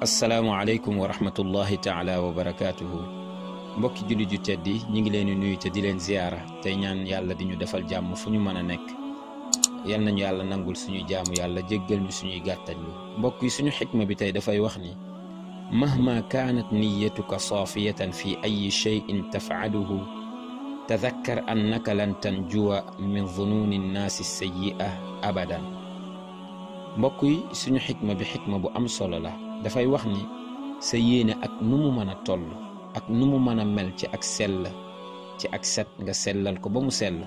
asalaamualeykum wa rahmatullahi taala wa barakaatuhu mbokki juli ju tedd yi ñu ngi leen di nuyu te di leen ziyaara tey ñaan yàlla di ñu defal jàmm fu ñu mën a nekk yal nañu yàlla nangul suñu jaamu yàlla jéggal ñu suñuy gàttal ñu mbokk yi suñu xikma bi tey dafay wax ni mahma kaanat niyatuka saafiyatan fi ayi cheyin tafaaluhu tadakkar annaka lan tanjuwa min zunuuni nnaasi sayyi'a abadan mbokk suñu xikma bi xikma bu am solo la dafay wax ni sa yéene ak nu mu mën a toll ak nu mu mën a mel ci ak sell ci ak set nga sellal ko ba mu sell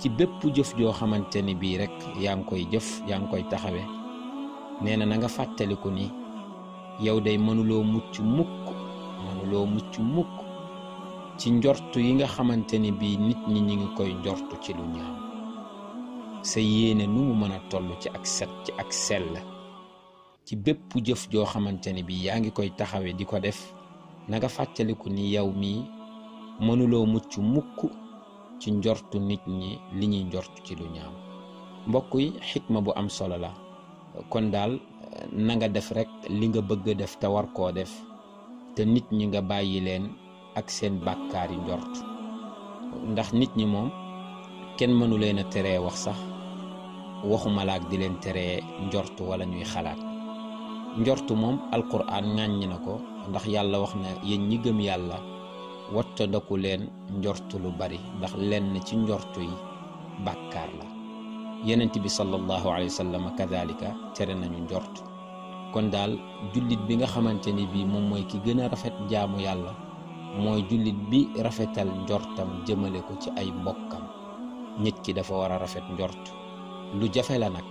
ci bépp jëf joo xamante ni bii rek yaa ngi koy jëf yaa ngi koy taxawe nee na na nga fàttaliku ni yow day mënuloo mucc mukk mënuloo mucc mukk ci njortu yi nga xamante ni bii nit ñi ñu ngi koy njortu ci lu ñaaw sa yéene nu mu mën a toll ci ak set ci ak sell ci bépp jëf joo xamanteni bi yaa ngi koy taxawe di ko def na nga fàttaliku ni yow mii mënuloo mucc mukk ci njortu nit ñi li ñuy njortu ci lu ñaaw mbokk yi xikma bu am solo la kon daal na nga def rek li nga bëgg def te war koo def te nit ñi nga bàyyi leen ak seen yi njort ndax nit ñi moom kenn mënu leen wax sax waxuma di leen teree njort wala ñuy xalaat njortu moom alquran ŋàññi na ko ndax yàlla wax na yéen ñi gëm yàlla watta leen njort lu bari ndax lenn ci njortu yi bàkkaar la yenent bi sallallahu alayhi wa sallam kadalika tere nañu njort kon daal jullit bi nga xamante ni bii moom mooy ki gën a rafet jaamu yàlla mooy jullit bi rafetal njortam jëmale ko ci ay mbokkam nit ki dafa war a rafet njort lu jafe la nag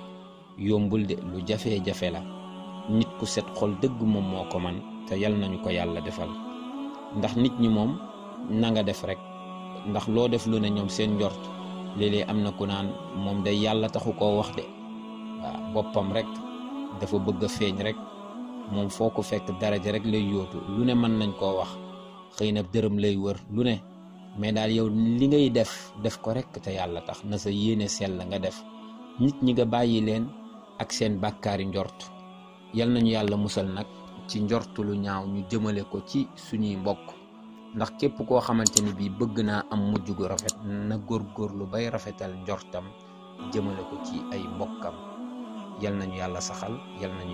yombul de lu jafee jafe la nit ku set xol dëgg moom moo ko man te yal nañu ko yàlla defal ndax nit ñi moom na nga def rek ndax loo def lu ne ñoom seen njort léeg-léeg am na ku naan moom day yàlla taxu koo wax de waaw boppam rek dafa bëgg feeñ rek moom foo ko fekk daraja rek lay yootu lu ne mën nañ koo wax xëy na dërëm lay wër lu ne mais daal yow li ngay def def ko rek te yàlla tax na sa yéene sell nga def nit ñi nga bàyyi leen ak seen bàkkaari njort yal nañu yàlla musal nag ci njortu lu ñaaw ñu jëmale ko ci suñuy mbokk ndax képp koo xamante ni bii bëgg naa am mujj gu rafet na góor góorgóorlu bay rafetal njortam jëmale ko ci ay mbokkam yal nañu yàlla saxal yal nañu